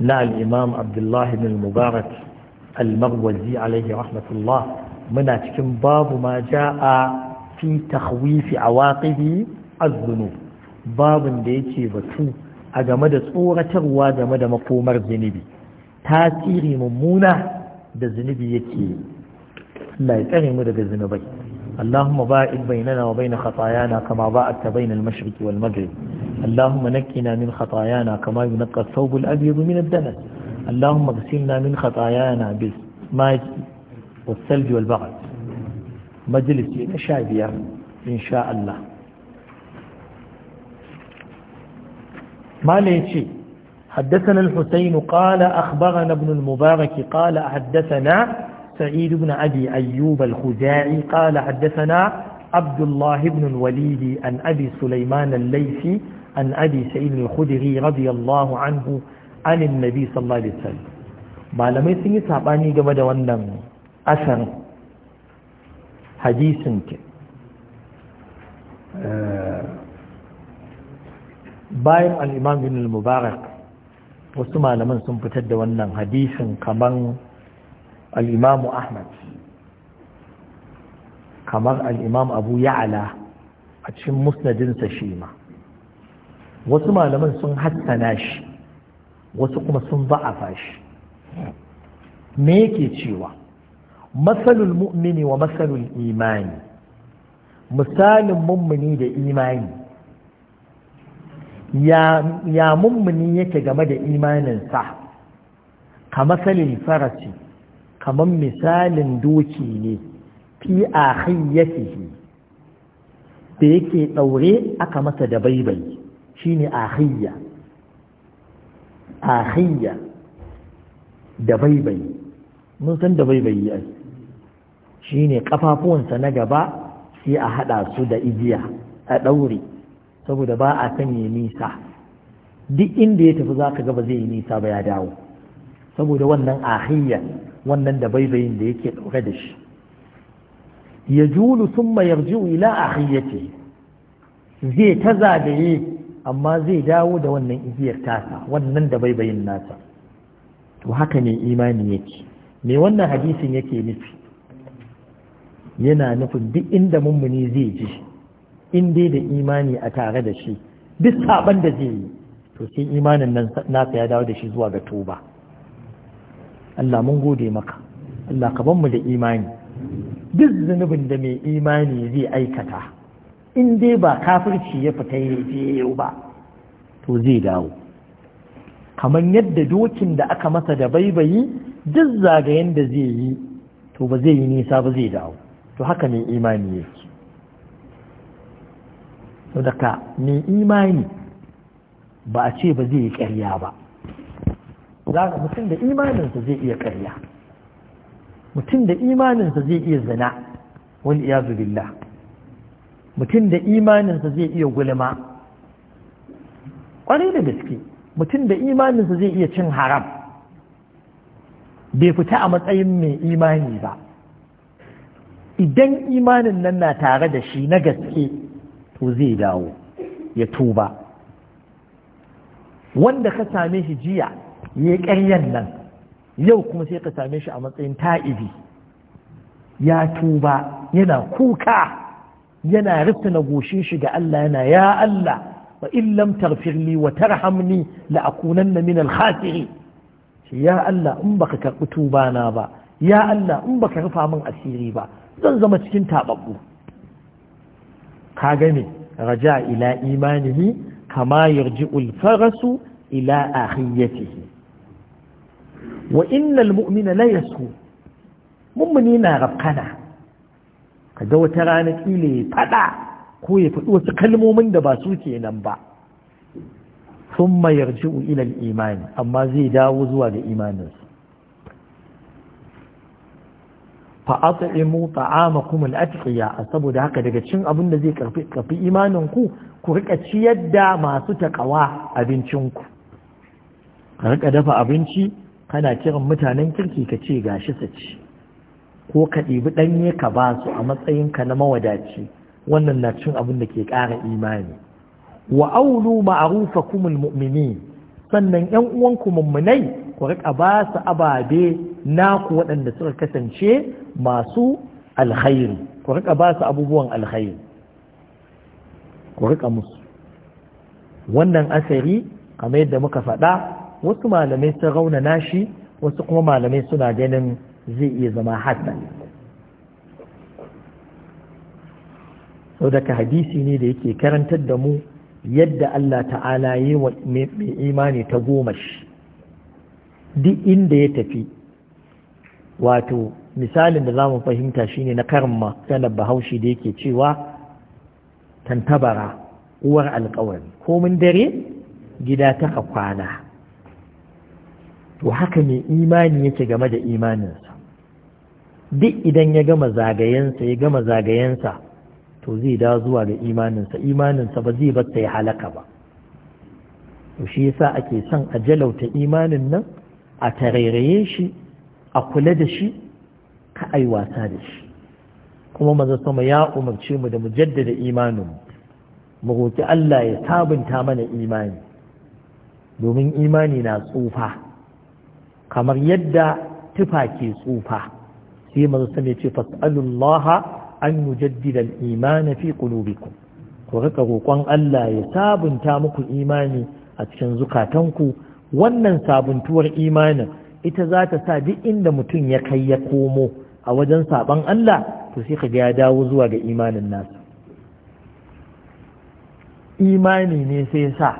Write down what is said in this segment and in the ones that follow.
na al'imam abdullahi bin mubarak al-marwazi alaihi rahmatullah muna cikin babu ma ja'a fi takwifi a waƙihi azzunu babin da yake batu a game da tsoratarwa game da makomar zunubi tasiri mummuna da zunubi yake Allah ya tsare mu daga zunubai اللهم باعد بيننا وبين خطايانا كما باعدت بين المشرق والمغرب اللهم نكنا من خطايانا كما ينقى الثوب الأبيض من الدنس اللهم اغسلنا من خطايانا بالماء والثلج والبغل مجلس يتشابه إن شاء الله ما ليشي حدثنا الحسين قال أخبرنا ابن المبارك قال حدثنا سعيد بن أبي أيوب الخزاعي قال حدثنا عبد الله بن الوليد عن أبي سليمان الليثي عن أبي سعيد الخدري رضي الله عنه عن النبي صلى الله عليه وسلم ما لم yi saɓani game da wannan حديث hadisin ke الإمام بن المبارك وسمع لمن wasu malaman حديث كمان al'imamu ahmad kamar al'imam abu ya'ala a cikin musnadinsa shi wasu malaman sun hassana shi wasu kuma sun ba'afa shi me yake cewa matsalul mu'mini wa matsalul imani misalin mummuni da imani ya mummuni yake game da imaninsa ka matsalin farasi kamar misalin doki ne fi a hayyatihi da yake ɗaure aka masa da baibai shi ne a hayya da baibai mun san da baibai ai shi ne ƙafafuwansa na gaba sai a haɗa su da igiya a ɗaure saboda ba a sanya nisa duk inda ya tafi za ka gaba zai yi nisa ba ya dawo saboda wannan ahiyya wannan da baibayin da yake ɗaure da shi ya julu sun mayar ila a hayyace zai ta zagaye amma zai dawo da wannan igiyar tasa wannan da baibayin nasa to haka ne imani yake me wannan hadisin yake nufi yana nufin duk inda mummuni zai ji in dai da imani a tare da shi duk saban da zai yi to sai imanin nasa ya dawo da shi zuwa ga tuba Allah mun gode maka Allah ka ban mu da imani duk zunubin da mai imani zai aikata in dai ba kafirci ya fita yau ba to zai dawo kamar yadda dokin da aka masa da baibayi duk zagayen da zai yi to ba zai yi nisa ba zai dawo to haka mai imani yake sadaka mai imani ba a ce ba zai yi ƙarya ba za mutum da imaninsa zai iya karya mutum da imaninsa zai iya zina wani iyazu zubilla, mutum da imaninsa zai iya gulma kwarai da gaske mutum da imaninsa zai iya cin haram bai fita a matsayin mai imani ba idan imanin nan na tare da shi na gaske to zai dawo ya tuba wanda ka same shi jiya ya ƙaryan nan yau kuma sai ka same shi a matsayin ta'ibi ya tuba yana kuka yana rufina goshin shi ga Allah yana ya Allah wa in lam tarfirli wa tarhamni la akunanna min al khasirin ya Allah in baka karɓi tuba na ba ya Allah in baka rufa min asiri ba zan zama cikin tababbu ka gane raja ila imanihi kama yarji'ul farasu إلى آخيته وإن المؤمن لا يسكو مؤمنين غبقنا kaga wata rana ƙila ya faɗa ko ya faɗi wasu kalmomin da ba su ke nan ba sun mayar ji'u ilal imani amma zai dawo zuwa ga imaninsu fa aka imu ta'ama kuma al'atiya a saboda haka daga cin abin da zai karfi imaninku ku rika ciyar da masu taƙawa abincinku ka rika dafa abinci kana kiran mutanen kirki ka ce gashi su ci ko ka ɗibi ɗanye ka ba su a matsayinka na mawadaci wannan na cin abin da ke ƙara imani wa aulu ma'arufa kumul mu'mini sannan yan uwanku mummunai ku rika ba su ababe naku waɗanda suka kasance masu alkhairi ku rika ba su abubuwan alkhairi ku rika musu wannan asari kamar yadda muka faɗa wasu malamai sun raunana shi wasu kuma malamai suna ganin zai iya zama hassan sau daga hadisi ne da yake karantar da mu yadda Allah ta'ala yi wa mai imani ta goma shi duk inda ya tafi wato misalin da za mu fahimta shine na karin sanar bahaushe da yake cewa tantabara uwar alkawari komin dare gida ta kwana to haka ne imani yake game da imaninsa duk idan ya gama zagayensa ya gama zagayensa to zai da zuwa ga imaninsa imaninsa ba zai bata ya halaka ba to shi yasa ake son a jalauta imanin nan a tarairaye shi a kula da shi ka ai wasa da shi kuma maza sama ya umarce mu da mu jaddada imanin mu roki Allah ya sabunta mana imani domin imani na tsufa kamar yadda tufa ke tsufa sai manzo sami ce fas'alullaha an yujaddida al-iman fi qulubikum ku rika roƙon Allah ya sabunta muku imani a cikin zukatanku wannan sabuntuwar imanin ita za ta sa duk inda mutum ya kai ya komo a wajen saban Allah to sai ka ga ya dawo zuwa ga imanin nasa imani ne sai sa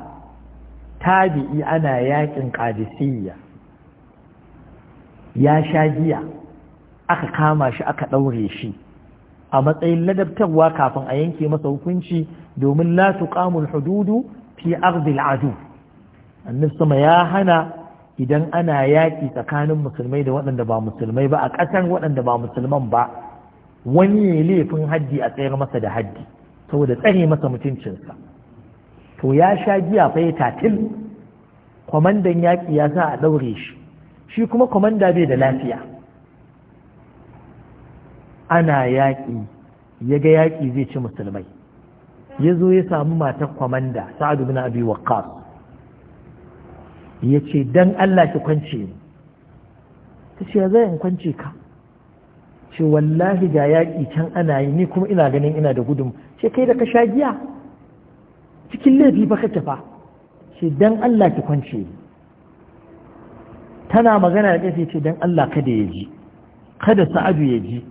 tabi'i ana yakin qadisiyya ya sha giya aka kama shi aka ɗaure shi a matsayin ladabtarwa kafin a yanke masa hukunci domin la tuqamul hududu fi ardil adu annabi sama ya hana idan ana yaƙi tsakanin musulmai da waɗanda ba musulmai ba a ƙasar waɗanda ba musulman ba wani ne laifin haddi a tsayar masa da haddi saboda tsare masa mutuncinsa to ya sha giya fa ya tatil kwamandan yaƙi ya sa a ɗaure shi shi kuma kwamanda bai da lafiya ana yaƙi ya ga yaƙi zai ci musulmai ya zo ya samu matar kwamanda sa'adu bin abi waqqas ya ce don Allah ki kwance ni ta ce zai in kwance ka ce wallahi ga yaƙi can ana yi ni kuma ina ganin ina da gudun ce kai da ka sha giya cikin laifi fa ka fa ce don Allah ki kwance ni tana magana da sai ce don Allah kada ya ji kada sa'adu ya ji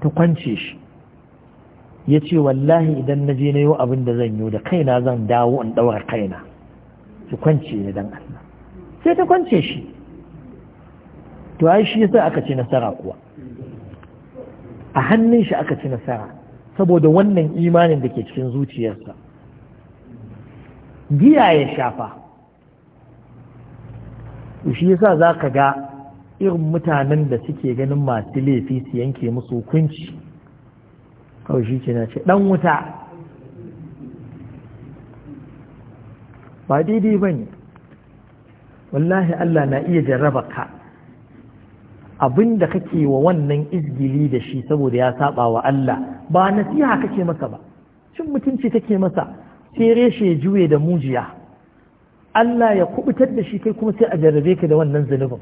ta kwance shi ya ce wallahi idan na je na yi abin da zan yi da kaina zan dawo in ɗaura kaina su kwance ne don Allah sai ta kwance shi to ai shi yasa aka ci nasara kuwa a hannun shi aka ci nasara saboda wannan imanin da ke cikin zuciyarsa giya ya shafa shi yasa za ka ga irin mutanen da suke ganin masu laifi su yanke musu hukunci kawai shi ke ce dan wuta ba daidai ba ne wallahi Allah na iya jarraba ka abin da kake wa wannan izgili da shi saboda ya saba wa Allah ba nasiha kake masa ba cin mutunci kake masa sai reshe juye da mujiya Allah ya kubutar da shi kai kuma sai a jarrabe ka da wannan zunubin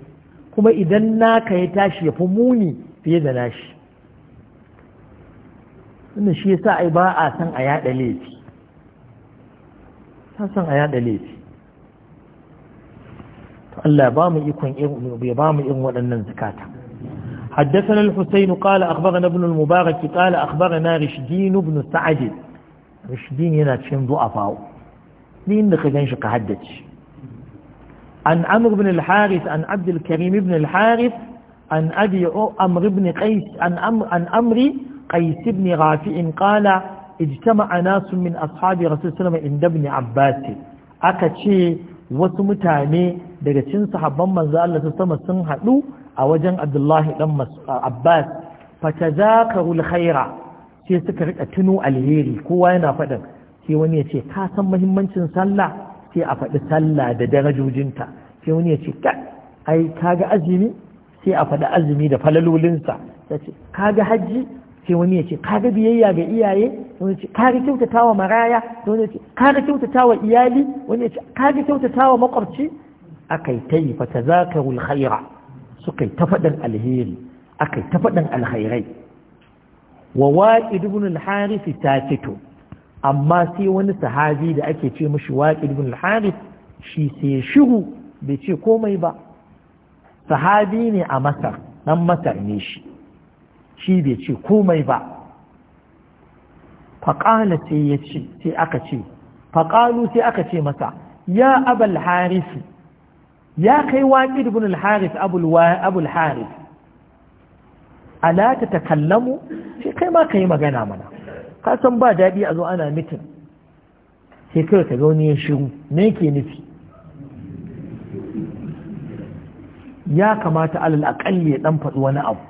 kuma idan naka ya tashi ya fi muni fiye da nashi wannan shi yasa ai ba a san a yada laifi ta san a yada laifi to Allah ba mu ikon ya ba mu irin waɗannan zakata حدثنا الحسين قال أخبرنا ابن المبارك قال أخبرنا رشدين بن سعد رشدين هنا تشين ضعفاء din da ka gan ka haddace an amr ibn al an abd al-karim an amri qais ibn rafi' qala ijtama'a nas min ashabi rasul sallallahu alaihi wasallam inda aka ce wasu mutane daga cin sahaban manzo Allah sun hadu a wajen Abdullahi dan Abbas fatazakaru al-khaira sai suka rika tuno alheri kowa yana faɗin sai wani ya ce ka san mahimmancin sallah sai a faɗi sallah da darajojinta sai wani ya ce ai ga azumi sai a faɗi azumi da falalolinsa ya ce ga hajji sai wani ya ce kaga biyayya ga iyaye wani ce kaga kyautata wa maraya wani ya ce kaga kyautata wa iyali wani ya ce kaga kyautata wa makwabci akai ta yi fata za ka wulhaira suka yi ta faɗin alheri akai ta faɗin alhairai wa waƙi dubun alharisi ta fito amma sai wani sahabi da ake ce mashi waƙi ibn al-harith shi sai shiru bai ce komai ba sahabi ne a masar nan masar ne shi shi bai ce komai ba faƙala sai ya ce sai aka ce faƙalu sai aka ce masa ya abal harisi ya kai waƙi ibn al-harith abul harith ala ta takallamu sai kai ma ka magana mana ka san ba daɗi a zo ana mitin sai kai ka ga wani ya shiru me ke nufi ya kamata alal aƙalli ya ɗan faɗi wani abu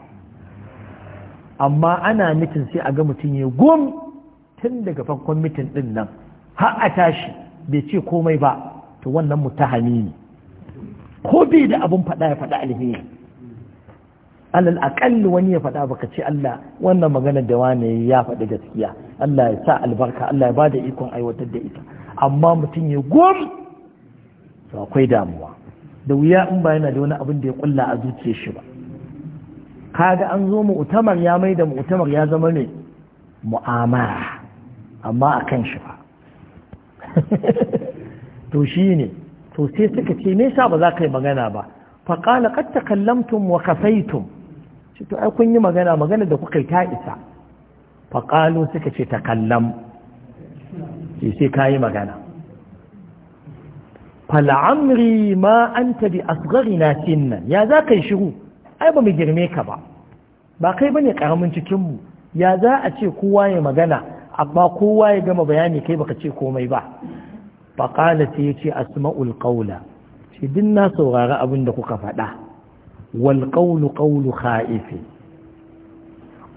amma ana mitin sai a ga mutum ya gom tun daga farkon mitin ɗin nan har a tashi bai ce komai ba to wannan mutahani ne ko bai da abun faɗa ya faɗa alheri alal akal wani ya faɗa baka ce Allah wannan magana da wani ya faɗi gaskiya Allah ya sa albarka Allah ya ba da ikon aiwatar da ita amma mutum ya gom to akwai damuwa da wuya in ba yana da wani abin da ya kulla a zuciyar shi ba kaga an zo mu'tamar ya mai da mu'tamar ya zama ne mu'amara amma a kan shi ba to shi ne to sai suka ce me yasa ba za ka yi magana ba faƙala qad takallamtum wa kafaitum ce to ai kun yi magana magana da kuka ta isa faƙalu suka ce ta kallam ce sai ka yi magana fal'amri ma an bi asgari na nan ya za ka yi shiru ai ba mu girme ka ba ba kai ba ne ƙaramin cikinmu ya za a ce kowa ya magana amma kowa ya gama bayani kai baka ce komai ba faƙala sai ya ce asma'ul ƙaula shi din na saurari abin da kuka faɗa wal qawlu qawlu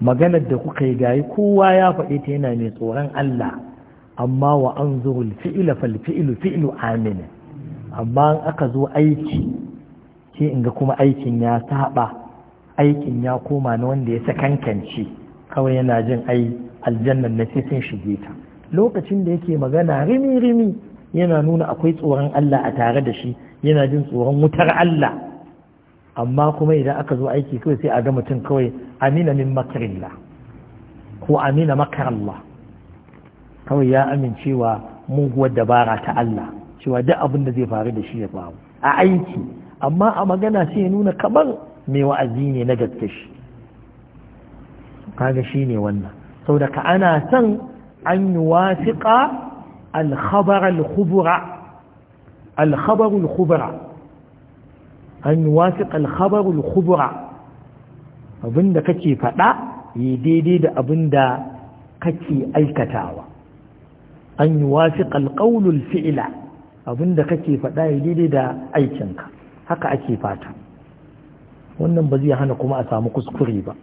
maganar da kuka yi gayi kowa ya faɗi ta yana mai tsoron Allah amma wa an zurul fi'ila fal fi'ilu fi'ilu amina amma in aka zo aiki ke inga kuma aikin ya saba aikin ya koma na wanda ya sakankance kawai yana jin ai aljannan na sai sun shige ta lokacin da yake magana rimi rimi yana nuna akwai tsoron Allah a tare da shi yana jin tsoron wutar Allah amma kuma idan aka zo aiki kawai sai a ga mutum kawai amina min makarilla ko amina makarallah kawai ya amincewa muguwar dabara ta Allah cewa duk abin da zai faru da shi ya faru a aiki amma a magana sai ya nuna kamar mai wa'azi ne na gaske shi kaga shi ne wannan saboda ana son an yi wasiƙa alkhabar alkhubura alkhabar alkhubura an yi al-khabar al-khubra abinda kake faɗa yi daidai da abinda kake aikatawa an yi wasiƙa qawl al-fi'la abinda kake faɗa yi daidai da aikinka haka ake fata wannan ba zai hana kuma a samu kuskure ba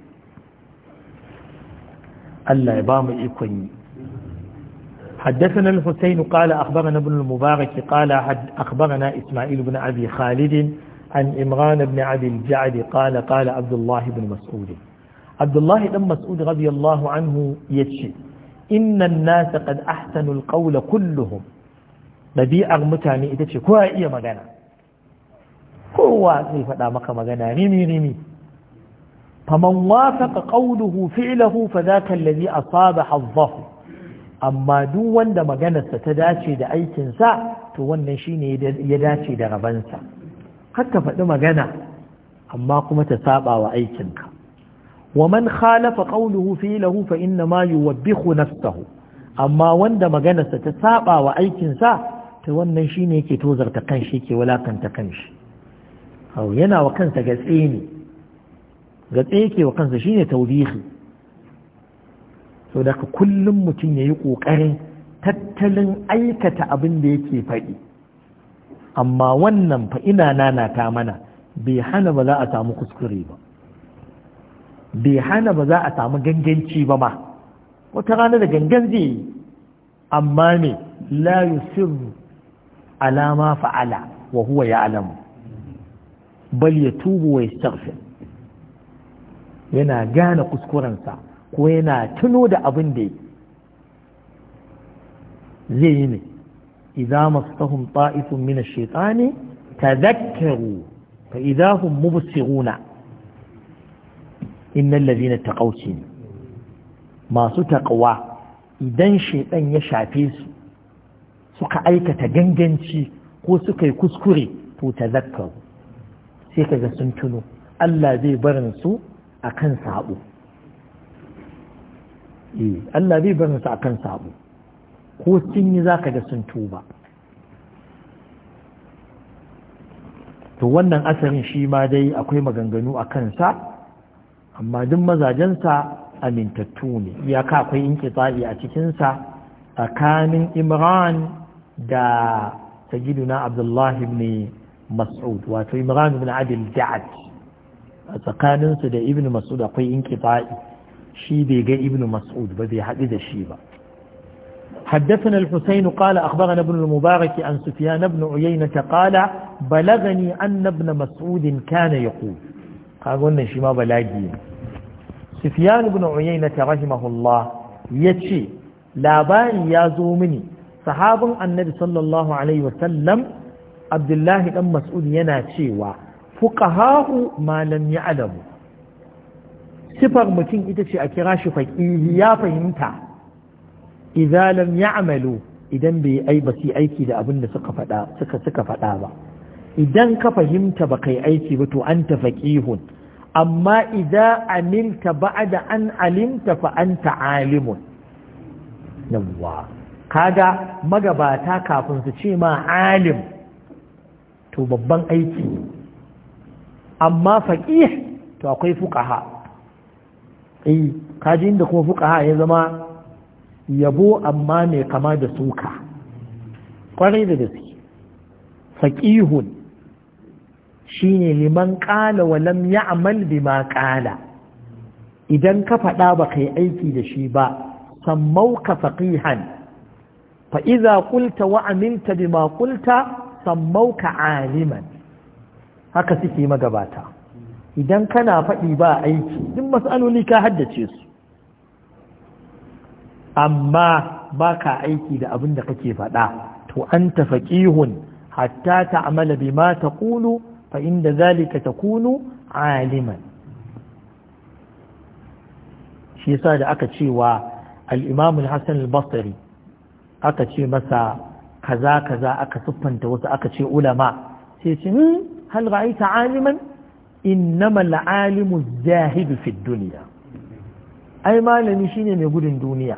Allah ya ba ikon yi حدثنا الحسين قال أخبرنا ابن المبارك قال أخبرنا إسماعيل بن أبي خالد عن إمران بن عبد الجعد قال قال عبد الله بن مسعود عبد الله بن مسعود رضي الله عنه يتشي إن الناس قد أحسنوا القول كلهم ɗabi'ar mutane ita ce kowa iya magana kowa zai faɗa maka magana rimi rimi faman wafaqa qawluhu fi'luhu fa dhaka allazi asaba hazzahu amma duk wanda maganarsa ta dace da aikinsa to wannan shine ya dace da rabonsa. ta faɗi magana amma kuma ta saba wa aikinka wa man khalafa qawluhu fi lahu fa inna ma yuwabbihu nafsahu amma wanda maganarsa ta saba wa aikinsa ta wannan shine yake tozarta kanshi yake walakanta kanshi hau yana wa kansa gatse ne gatse yake wa kansa shine tawbihi so da kullum mutum yayi kokarin tattalin aikata abin da yake faɗi amma wannan fa ina nanata mana bai hana ba za a samu kuskure ba bai hana ba za a samu ganganci ba ma wata rana da gangan zai yi amma ne la yusir alama fa'ala wa huwa alamu, bal ya tubu wa ya yana gane kuskurensa ko yana tuno da abin da zai yi ne idza masahum ta'ifun min ash-shaytani tadhakkaru fa idza hum mubsiruna innal ladina taqaw masu taqwa idan shaytan ya shafe su suka aikata ganganci ko suka yi kuskure to tadhakkaru sai kaga sun tuno Allah zai barin akan sabo Allah zai barin su akan sabo ko sun yi zaka ga sun tuba to wannan asarin shi ma dai akwai maganganu a kansa amma duk mazajensa amintattu ne iyaka akwai inkitsa'i a cikinsa tsakanin imran da sayyiduna abdullahi ibn mas'ud wato imran ibn adil da'ad tsakaninsu da ibn mas'ud akwai inkitsa'i shi bai ga ibn mas'ud ba bai haɗu da shi ba حدثنا الحسين قال أخبرنا ابن المبارك عن سفيان بن عيينة قال بلغني أن ابن مسعود كان يقول قالوا شما بلاجي سفيان عيينة رحمه الله يتشي labari ya zo mini sahabin annabi sallallahu alaihi wasallam abdullahi dan mas'ud yana cewa fuqahahu ma lam adamu sifar mutum ita ce a kira shi ya fahimta idza lam ya'malu idan bai ai ba su aiki da abin da suka faɗa suka suka faɗa ba idan ka fahimta ba kai aiki ba to anta faqihun amma idza amilta ba'da an alimta fa anta alimun yawwa kaga magabata kafin su ce ma alim to babban aiki amma faqih to akwai fuqaha eh kaji inda kuma fuqaha ya zama yabo amma mai kama da suka kwarai da gaske faƙihun shi ne liman ƙala wa lam bima ƙala idan ka faɗa ba yi aiki da shi ba sammauka ka fa idza qulta wa amilta bima sammau sammauka aliman haka suke magabata idan kana faɗi ba aiki duk mas'aloli ka haddace su amma ba ka aiki da abin da kake faɗa to an ta hatta ta amala bi ta ƙulu fa inda zalika ta kunu aliman shi yasa da aka cewa al'imamul hassan al-basri aka ce masa kaza kaza aka siffanta wasu aka ce ulama sai ce hmm, hal ra'aita aliman innama al'alimu zahidu fi duniya ai malami shine mai gudun duniya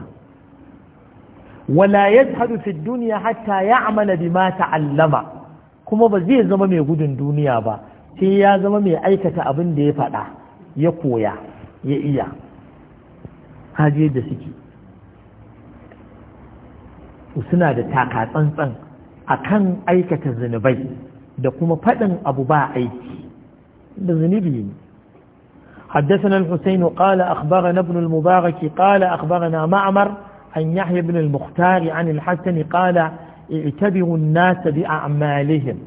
wala yajhadu fi dunya hatta ya'mala bima ta'allama kuma ba zai zama mai gudun duniya ba sai ya zama mai aikata abin da ya faɗa ya koya ya iya haje da suke suna da taka tsantsan akan aikata zunubai da kuma faɗin abu ba aiki da zunubi ne حدثنا الحسين قال أخبرنا ابن المبارك قال أخبرنا معمر عن يحيى بن المختار عن الحسن قال اعتبروا الناس بأعمالهم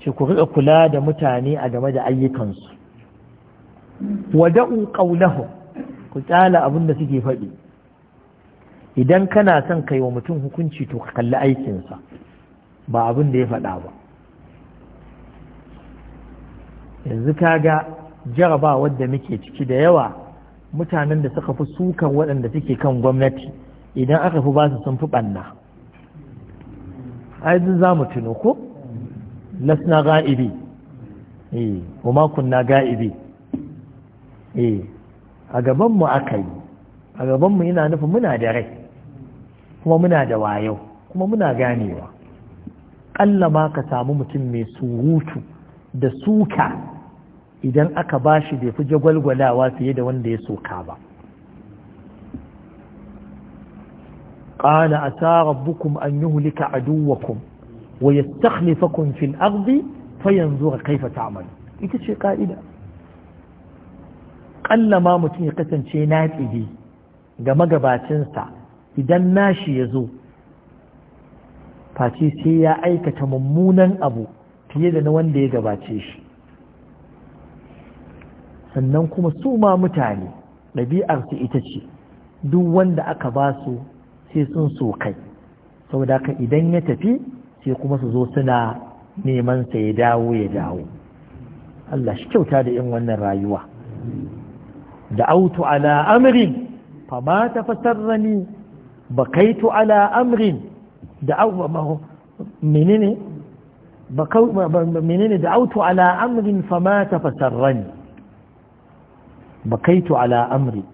شكرا كلا دا متاني أجمد أي كنس ودعوا قولهم قلت آلا أبن نسيجي فدي إذا كان سنكي ومتنه كنشي تقل أي كنسا ba abin da ya faɗa ba yanzu kaga jaraba wadda muke ciki da yawa mutanen da suka fi sukan waɗanda suke kan gwamnati idan aka fi ba su sun fi ɓanna aizin za mu tuno ko lasna ga'ibi kuma eh, kunna ga'ibi eh, a gabanmu aka yi a gabanmu ina nufin muna da rai kuma muna da wayo kuma muna ganewa ƙalla ma ka samu mutum mai surutu da suka idan aka ba shi bai fi jagwalgwalawa fiye da wanda ya soka ba قال أتى ربكم أن يهلك عدوكم ويستخلفكم في الأرض فينظر كيف تعمل ita ce ƙa'ida ƙalla ma mutum ya kasance na tsige ga sa, idan na shi ya zo Fati sai ya aikata mummunan abu fiye da na wanda ya gabace shi sannan kuma su ma mutane ɗabi'arsu ita ce duk wanda aka basu. sai sun so kai saboda ka idan ya tafi sai kuma su zo suna neman sa ya dawo ya dawo Allah shi kyauta da in wannan rayuwa da autu ala amrin fama ta fasarrani bakaitu ala amrin da menene menene da autu ala amrin fama ta fasarrani bakaitu ala amrin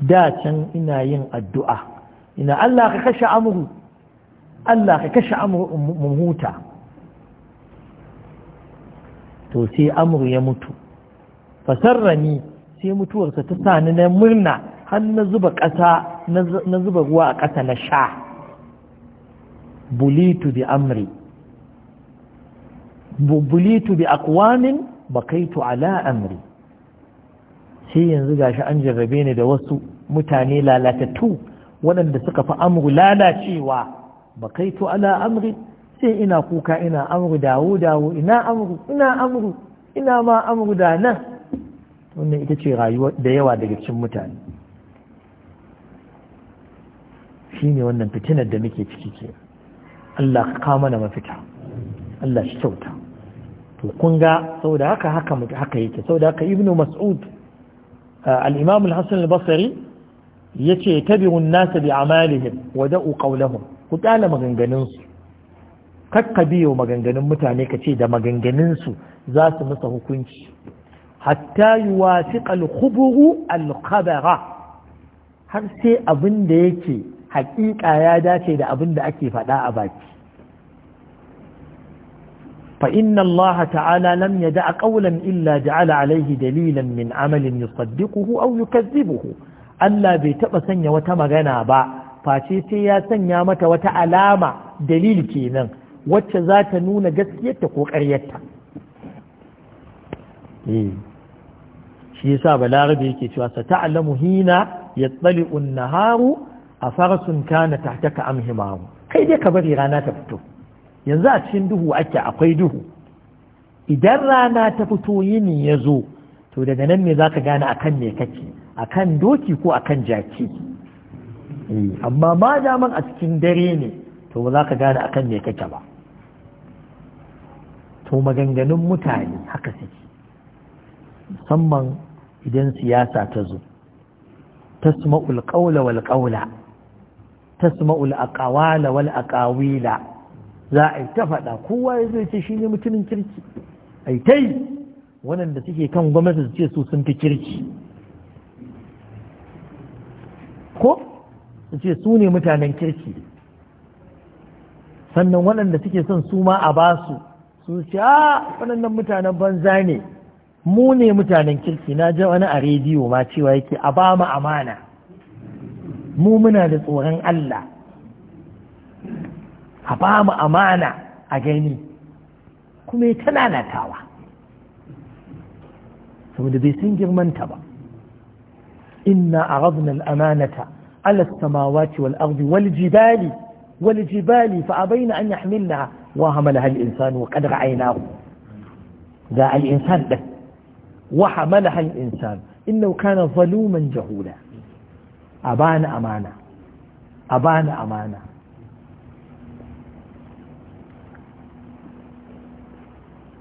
da can ina yin addu'a ina Allah ka kashe amuru Allah ka kashe amuru mu huta to sai amuru ya mutu fasarrani sai mutuwarsa ta sani na murna har na zuba ƙasa na zuba ruwa a ƙasa na sha bulitu bi amri bulitu bi akwamin bakaitu ala amri sai yanzu gashi an jarrabe ni da wasu mutane lalatattu waɗanda suka fi amru lalacewa ba kai to ala amri sai ina kuka ina amru dawo dawo ina amru ina amru ina ma amru da nan wannan ita ce rayuwa da yawa daga cikin mutane ne wannan fitinar da muke ciki ke Allah ka kama mana mafita Allah shi kyauta to kun ga saboda haka haka haka yake da haka ibnu mas'ud al Basari al-hasan al-basri yace tabi'u an-nas bi a'malihim wa da'u qawlahum ku tsala maganganun su kakka biyo maganganun mutane kace da maganganun su za su masa hukunci hatta yuwafiqa al-khubru har sai abin da yake haƙiƙa ya dace da abin da ake faɗa a baki فإن الله تعالى لم يدع قولا إلا جعل عليه دليلا من عمل يصدقه أو يكذبه ألا بيتبقى سنة وتمغنى با فاشيتي يا سنة متى وتعلامة دليل كينا وتزات نون جسيتك وقريتك إيه shi yasa balarabe yake cewa sa ta'lamu hina yattali'u an-naharu afarsun kana tahtaka am himaru kai dai ka bari rana ta fito yanzu a cikin duhu ake akwai duhu idan rana ta fito yini ya zo to daga nan me za ka gane akan kan kake akan doki ko akan jaki eh, amma ma daman a cikin dare ne to ba za ka gane akan kan kake ba to maganganun mutane haka suke musamman idan siyasa ta zo tasma'ul qawla wal qawla tasma'ul aqwala wal aqawila za a yi ta faɗa kowa ya zai ce shi ne mutumin kirki a ta yi waɗanda suke kan gwamnati su ce su sun fi kirki ko su ce su ne mutanen kirki sannan waɗanda suke son su ma a basu su ce a ah, waɗannan mutanen banza ne mu ne mutanen kirki na ji wani a rediyo ma cewa yake a ba mu amana mu muna da tsoron Allah a ba mu amana a gani kuma ya ta lalatawa saboda bai san girmanta ba inna a rabnar amanata ala samawati wal ardi wal jibali wal jibali fa abaina an yahmilna wa hamala hal insanu wa qad ra'aynahu ga al insan din wa hamala hal insan innahu kana zaluman jahula abana amana abana amana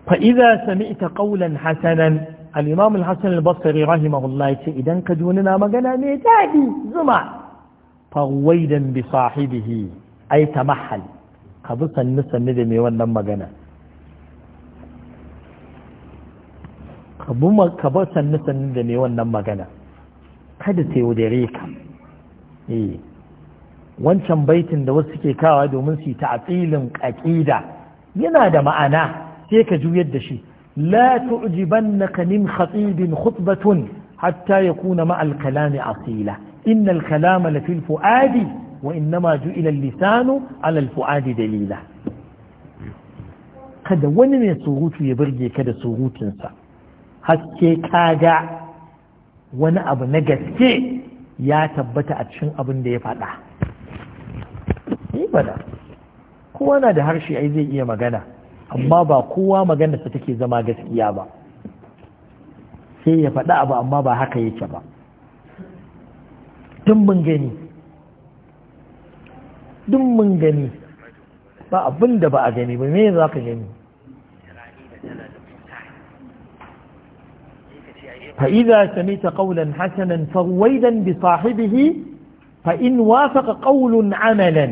fa'iza sami ita ƙaunan hasanan al'imam al-hassan al-basari rahimahullah ce idan ka ji wani na magana mai daɗi zuma fawaidan bi sahibihi ai tamahal ka bi ka bi da wannan magana kada ta yaudare ka wancan baitin da wasu ke kawa domin su yi ta'atilin ƙaƙida yana da ma'ana sai ka juyar da shi la tu'jibannaka min khatibin khutbatun hatta yakuna ma al-kalami asila inna al-kalama la fil fuadi wa innama ju'ila al-lisanu ala al-fuadi dalila kada wani mai surutu ya burge ka da surutunsa haske kaga wani abu na gaske ya tabbata a cikin abin da ya faɗa. Ibada, kowa na da harshe ai zai iya magana. amma ba kowa maganarsa take zama gaskiya ba sai ya faɗa abu amma ba haka yake ba duk mun gani duk mun gani ba abin da ba a gani ba me za ka gani فإذا سمعت قولا حسنا فرويدا بصاحبه فإن وافق قول عملا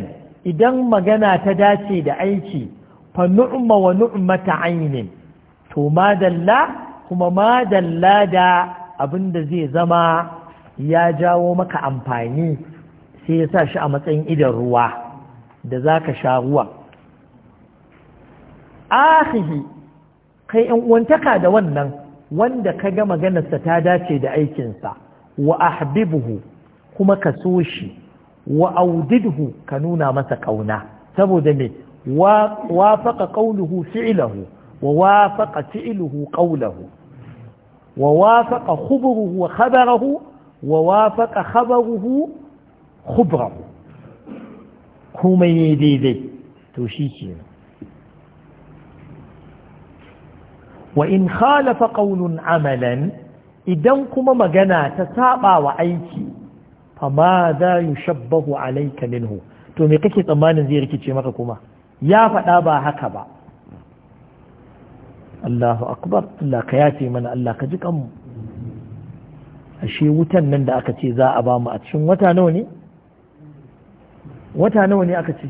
إذا ما جنا da دعيتي fa nu'ma wa nu'mata aynin to madalla kuma madalla da da zai zama ya jawo maka amfani sai ya sa shi a matsayin idan ruwa da za ka sha ruwa ahihi kai 'yan uwantaka da wannan wanda ka ga maganarsa ta dace da aikinsa wa ahbibuhu kuma ka so shi wa audidhu ka nuna masa ƙauna, saboda me وافق قوله فعله ووافق فعله قوله ووافق خبره وخبره ووافق خبره خبره كما يديدي توشيكي وإن خالف قول عملا إذن كما مغنى تتابع وعيكي فماذا يشبه عليك منه تومي قكي طمان زيركي تشمك كما ya faɗa ba haka ba Allahu akbar Allah ka yace mana Allah ka ji kanmu ashe wutan nan da aka ce za a ba mu a cikin wata nawa ne wata nawa ne aka ce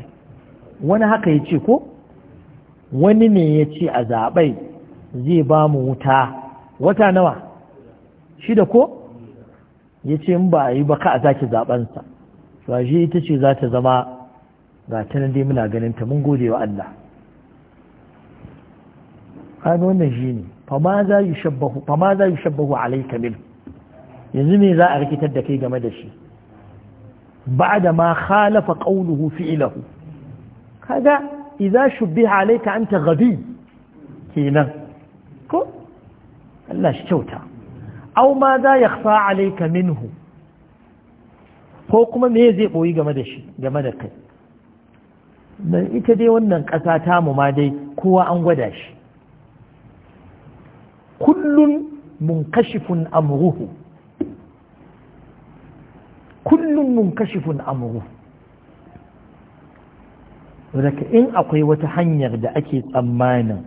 wani haka ya ce ko wani ne ya ce a zaɓai zai ba mu wuta wata nawa Shi da ko ya ce in ba a yi ba ka a zaki zaɓensa to ita ce za ta zama ga ta dai muna ganin ta mun gode wa Allah kai wannan shine fa ma za yi shabbahu fa ma za yi shabbahu alayka min yanzu me za a rikitar da kai game da shi ba'da ma khalafa qawluhu fi'luhu kaga idza shubbiha alayka anta ghadi kina ko Allah shi kyauta aw ma za yakhfa alayka minhu ko kuma me zai boyi game da shi game da kai Dan ita dai wannan ƙasa ta mu ma dai kowa an gwada shi kullun munkashifun amruhu kullun munkashifun amruhu daga in akwai wata hanyar da ake tsammanin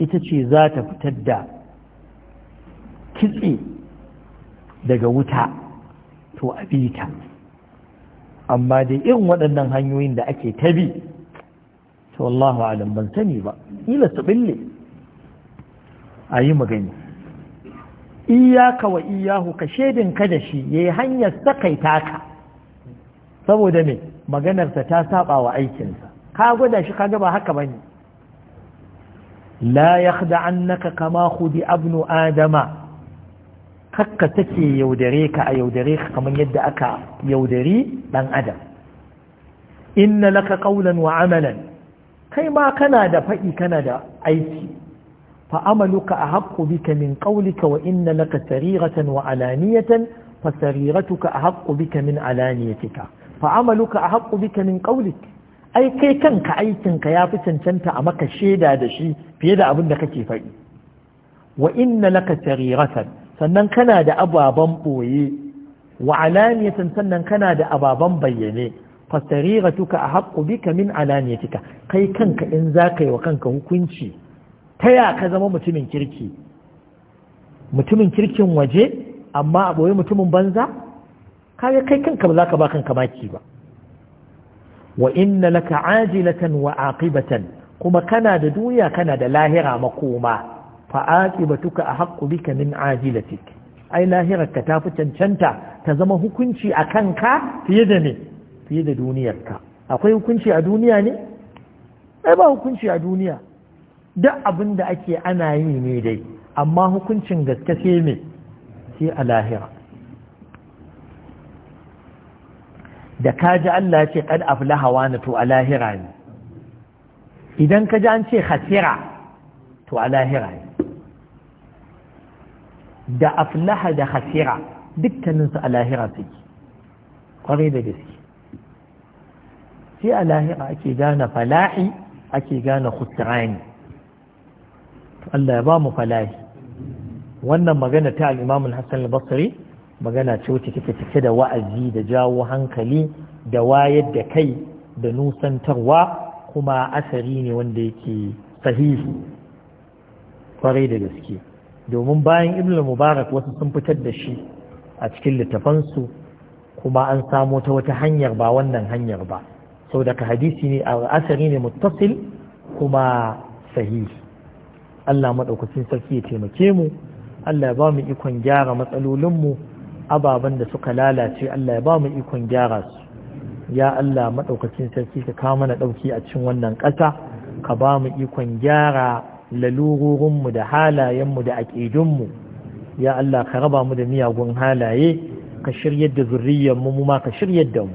ita ce za ta fitar da kitse daga wuta to a bita amma dai irin waɗannan hanyoyin da ake ta bi to wallahu alam ban sani ba ila su bille a yi magani iyaka wa iyahu ka shaidin ka da shi yayi hanyar sakaita ka saboda me maganarsa ta saba wa aikinsa ka gwada shi ka ba haka bane la yakhda'annaka kama khudi abnu adama kakka take yaudare ka a yaudare ka kamar yadda aka yaudari dan adam inna laka qawlan wa amalan kai ma kana da faɗi kana da aiki fa'amaluka a haƙƙo bika min ƙaulika wa inna laka sariratan wa alaniyatan fa sariratuka a haƙƙo bika min alaniyatika fa'amaluka a haƙƙo bika min ƙaulik ai kai kanka aikinka ya fi cancanta a maka shaida da shi fiye da abin da kake faɗi wa inna laka sariratan sannan kana da ababen ɓoye wa alaniyatan sannan kana da ababen bayyane a ahaqqu bika min alaniyatika kai kanka in zakai wa kanka hukunci taya ka zama mutumin kirki mutumin kirkin waje amma a boye mutumin banza kaga kai kanka ba za ka ba kanka maki ba wa inna laka ajilatan wa aqibatan kuma kana da duniya kana da lahira makoma fa aqibatuka ahqqu bika min ajilatik ai lahirarka ta fi cancanta ta zama hukunci a kanka fiye da ne fiye da duniyarka akwai hukunci a duniya ne ai ba hukunci a duniya duk abin da ake ana yi ne dai amma hukuncin gaske sai me sai a lahira da ka ji Allah ce kad aflaha wani to a lahira ne idan ka ji an ce hasira to a lahira ne da aflaha da hasira dukkaninsu a lahira suke kwarai da gaske sai a lahira ake gane falahi ake gane khusrani Allah ya ba mu falahi wannan magana ta al-Imam hassan al-Basri magana ce wacce take cike da wa'azi da jawo hankali da wayar da kai da nusantarwa kuma asari ne wanda yake sahihi kwarai da gaske domin bayan ibn mubarak wasu sun fitar da shi a cikin littafansu kuma an samo ta wata hanyar ba wannan hanyar ba sau daga hadisi ne a asari ne muttasil kuma sahihi Allah maɗaukacin sarki ya taimake mu Allah ya ba mu ikon gyara matsalolinmu ababen da suka lalace Allah ya ba mu ikon gyara su ya Allah maɗaukacin sarki ka kawo mana ɗauki a cikin wannan ƙasa ka ba mu ikon gyara lalurorinmu da halayenmu da aƙidunmu ya Allah ka raba mu da miyagun halaye ka shiryar da zurriyarmu mu ma ka shiryar da mu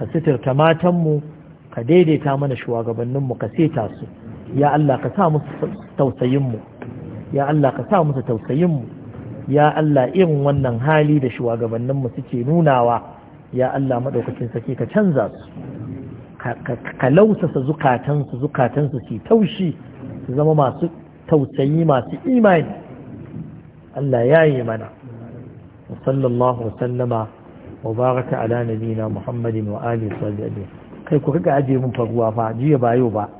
ka sitirta matanmu ka daidaita mana shugabanninmu ka seta su ya Allah ka sa musu tausayinmu ya Allah ka sa musu tausayinmu ya Allah irin wannan hali da shugabanninmu suke nunawa ya Allah maɗaukacin sake ka canza su ka lausasa zukatansu zukatansu su taushi su zama masu tausayi masu imani Allah ya yi mana sallallahu wasallama wa baraka ala muhammadin wa alihi wa sahbihi kai ku riga aje mun faruwa fa jiya ba yau ba